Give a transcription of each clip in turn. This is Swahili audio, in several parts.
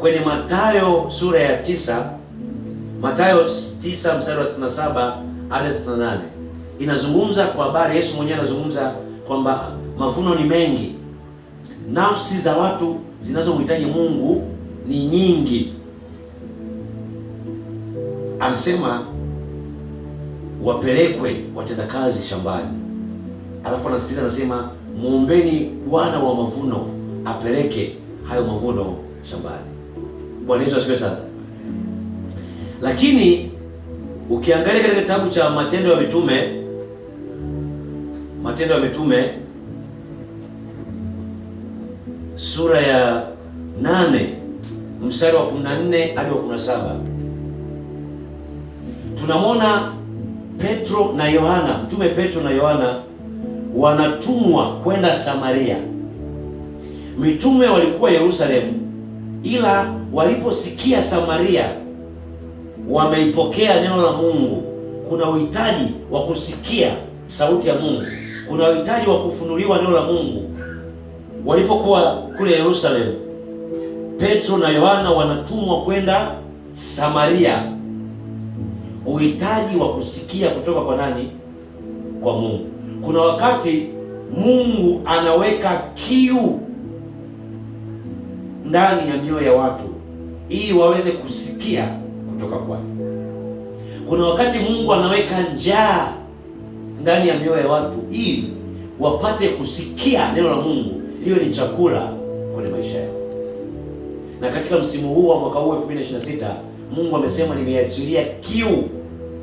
kwenye Mathayo sura ya tisa, Mathayo tisa mstari wa 37 hadi 38 inazungumza kwa habari, Yesu mwenyewe anazungumza kwamba mavuno ni mengi, nafsi za watu zinazomhitaji Mungu ni nyingi. Anasema wapelekwe watendakazi shambani, alafu anasitiza anasema, muombeni Bwana wa mavuno apeleke hayo mavuno shambani. Bwana Yesu asifiwe sana. Lakini ukiangalia katika kitabu cha Matendo ya Mitume, Matendo ya Mitume sura ya 8 mstari wa 14 hadi wa 17 tunamwona Petro na Yohana, mtume Petro na Yohana wanatumwa kwenda Samaria. Mitume walikuwa Yerusalemu ila waliposikia Samaria wameipokea neno la Mungu. Kuna uhitaji wa kusikia sauti ya Mungu, kuna uhitaji wa kufunuliwa neno la Mungu. Walipokuwa kule Yerusalemu, Petro na Yohana wanatumwa kwenda Samaria, uhitaji wa kusikia kutoka kwa nani? Kwa Mungu. Kuna wakati Mungu anaweka kiu ndani ya mioyo ya watu ili waweze kusikia kutoka kwake. Kuna wakati Mungu anaweka njaa ndani ya mioyo ya watu ili wapate kusikia neno la Mungu liwe ni chakula kwenye maisha yao. Na katika msimu huu wa mwaka huu 2026 Mungu amesema, nimeachilia kiu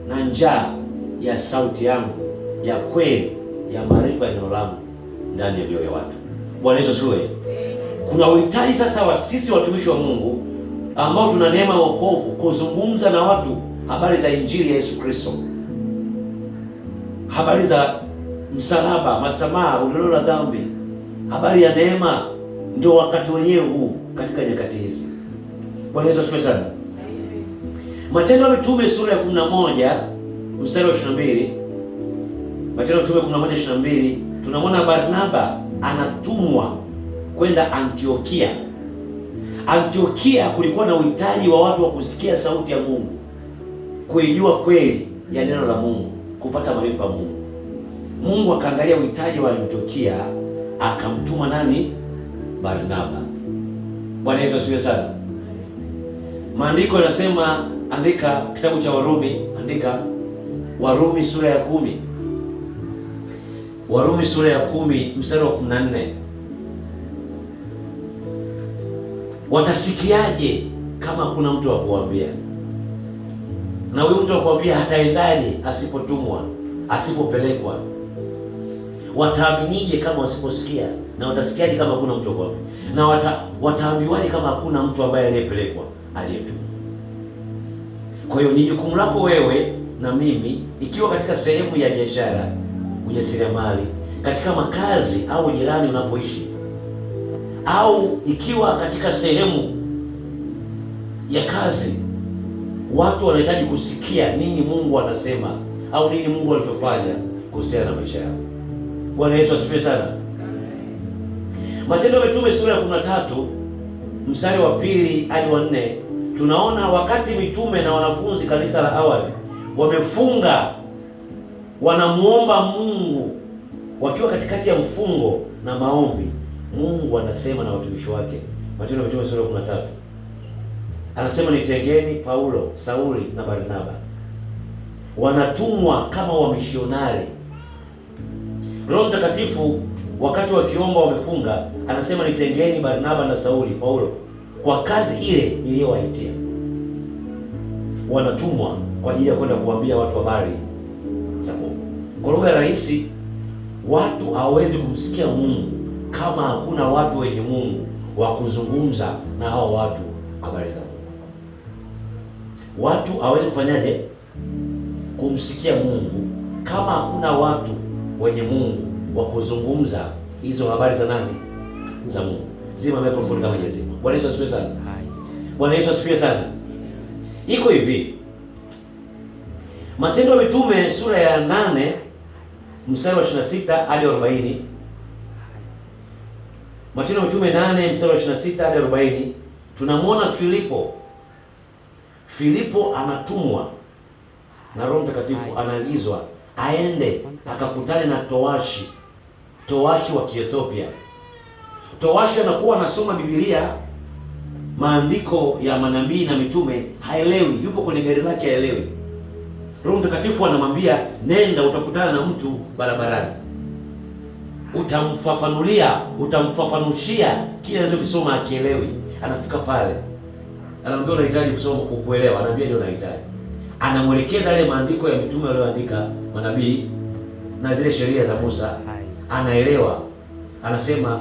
na njaa ya sauti yangu ya kweli ya maarifa ya neno langu ndani ya mioyo ya watu. Bwana Yesu asifiwe. Kuna uhitaji sasa wa sisi watumishi wa Mungu ambao tuna neema ya wokovu kuzungumza na watu habari za injili ya Yesu Kristo, habari za msalaba, masamaha, ondoleo la dhambi, habari ya neema. Ndio wakati wenyewe huu katika nyakati hizi. Bwana Yesu asifiwe sana. Matendo ya Mitume sura ya 11 mstari wa 22, Matendo ya Mitume 11:22 tunamwona Barnaba anatumwa kwenda Antiokia. Antiokia kulikuwa na uhitaji wa watu wa kusikia sauti ya Mungu, kuijua kweli ya neno la Mungu, kupata maarifa ya Mungu. Mungu akaangalia uhitaji wa Antiokia akamtuma nani? Barnaba. Bwana Yesu asifiwe sana. Maandiko yanasema, andika kitabu cha Warumi, andika Warumi sura ya kumi, Warumi sura ya kumi mstari wa nne watasikiaje kama hakuna mtu wa kuambia? Na huyu mtu wa kuambia hataendaje asipotumwa, asipopelekwa? Wataaminije kama wasiposikia? Na watasikiaje kama hakuna mtu wa kuambia? Na wata, wataambiwaje kama hakuna mtu ambaye aliyepelekwa, aliyetumwa? Kwa hiyo ni jukumu lako wewe na mimi, ikiwa katika sehemu ya biashara, ujasiriamali, katika makazi au jirani unapoishi au ikiwa katika sehemu ya kazi watu wanahitaji kusikia nini Mungu anasema au nini Mungu alichofanya kuhusiana na maisha yao. Bwana Yesu asifiwe sana. Matendo ya Mitume sura ya tatu mstari wa pili hadi wa nne tunaona wakati mitume na wanafunzi kanisa la awali wamefunga, wanamwomba Mungu wakiwa katikati ya mfungo na maombi Mungu anasema na watumishi wake. Matendo ya Mitume sura ya 13. Anasema nitengeni Paulo, Sauli na Barnaba. Wanatumwa kama wamishionari. Roho Mtakatifu wakati wakiomba wamefunga, anasema nitengeni Barnaba na Sauli, Paulo kwa kazi ile iliyowaitia Wanatumwa kwa ajili ya kwenda kuambia watu habari za Mungu. Kwa lugha rahisi, watu hawawezi kumsikia Mungu kama hakuna watu wenye Mungu wa kuzungumza na hao watu habari za Mungu. Watu hawezi kufanyaje? Kumsikia Mungu kama hakuna watu wenye Mungu wa kuzungumza hizo habari za nani? Za Mungu. Zima microphone kama nyezima. Bwana Yesu asifiwe sana. Bwana Yesu asifiwe sana. Iko hivi. Matendo ya Mitume sura ya 8 mstari wa 26 hadi 40 Matendo ya Mitume 8 mstari wa 26 hadi 40, tunamwona Filipo. Filipo anatumwa na Roho Mtakatifu, anaagizwa aende akakutane na towashi, towashi wa Kiethiopia. Towashi anakuwa anasoma Biblia, maandiko ya manabii na mitume, haelewi. Yupo kwenye gari lake, haelewi. Roho Mtakatifu anamwambia nenda, utakutana na mtu barabarani utamfafanulia, utamfafanushia kile anachokisoma akielewi. Anafika pale anaambia unahitaji kusoma kukuelewa, anaambia ndio unahitaji, anamwelekeza yale maandiko ya mitume aliyoandika manabii na zile sheria za Musa, anaelewa. Anasema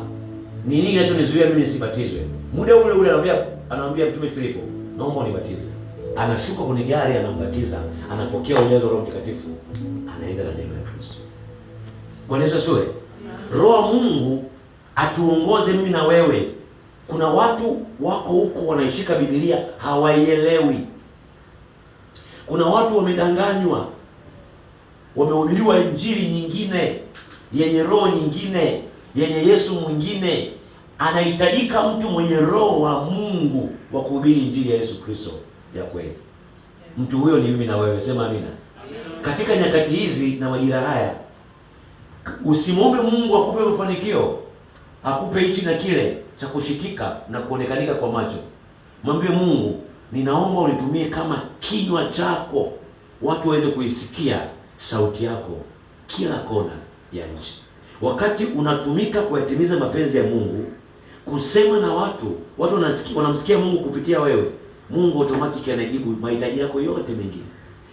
ni nini kinachonizuia mimi nisibatizwe? Muda ule ule anamwambia anamwambia mtume Filipo, naomba unibatize. Anashuka kwenye gari, anambatiza, anapokea ujazo wa Roho Mtakatifu, anaenda na neema ya Kristo. Bwana Yesu asifiwe. Roho Mungu atuongoze mimi na wewe. Kuna watu wako huko wanaishika Biblia hawaielewi. Kuna watu wamedanganywa, wamehubiriwa injili nyingine yenye roho nyingine yenye Yesu mwingine. Anahitajika mtu mwenye roho wa Mungu wa kuhubiri injili ya Yesu Kristo ya kweli. Mtu huyo ni mimi na wewe, sema amina. Katika nyakati hizi na majira haya Usimwombe Mungu akupe mafanikio, akupe hichi na kile cha kushikika na kuonekanika kwa macho. Mwambie Mungu, ninaomba unitumie kama kinywa chako, watu waweze kuisikia sauti yako kila kona ya nchi. Wakati unatumika kuyatimiza mapenzi ya Mungu, kusema na watu, watu wanasikia, wanamsikia Mungu kupitia wewe. Mungu automatic anajibu mahitaji yako yote mengine,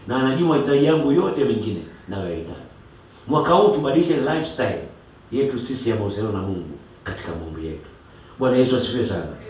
na anajibu mahitaji yangu yote mengine nayoyahitaji. Mwaka huu tubadilishe lifestyle yetu sisi ya mahusiano na Mungu katika maombi yetu. Bwana Yesu asifiwe sana.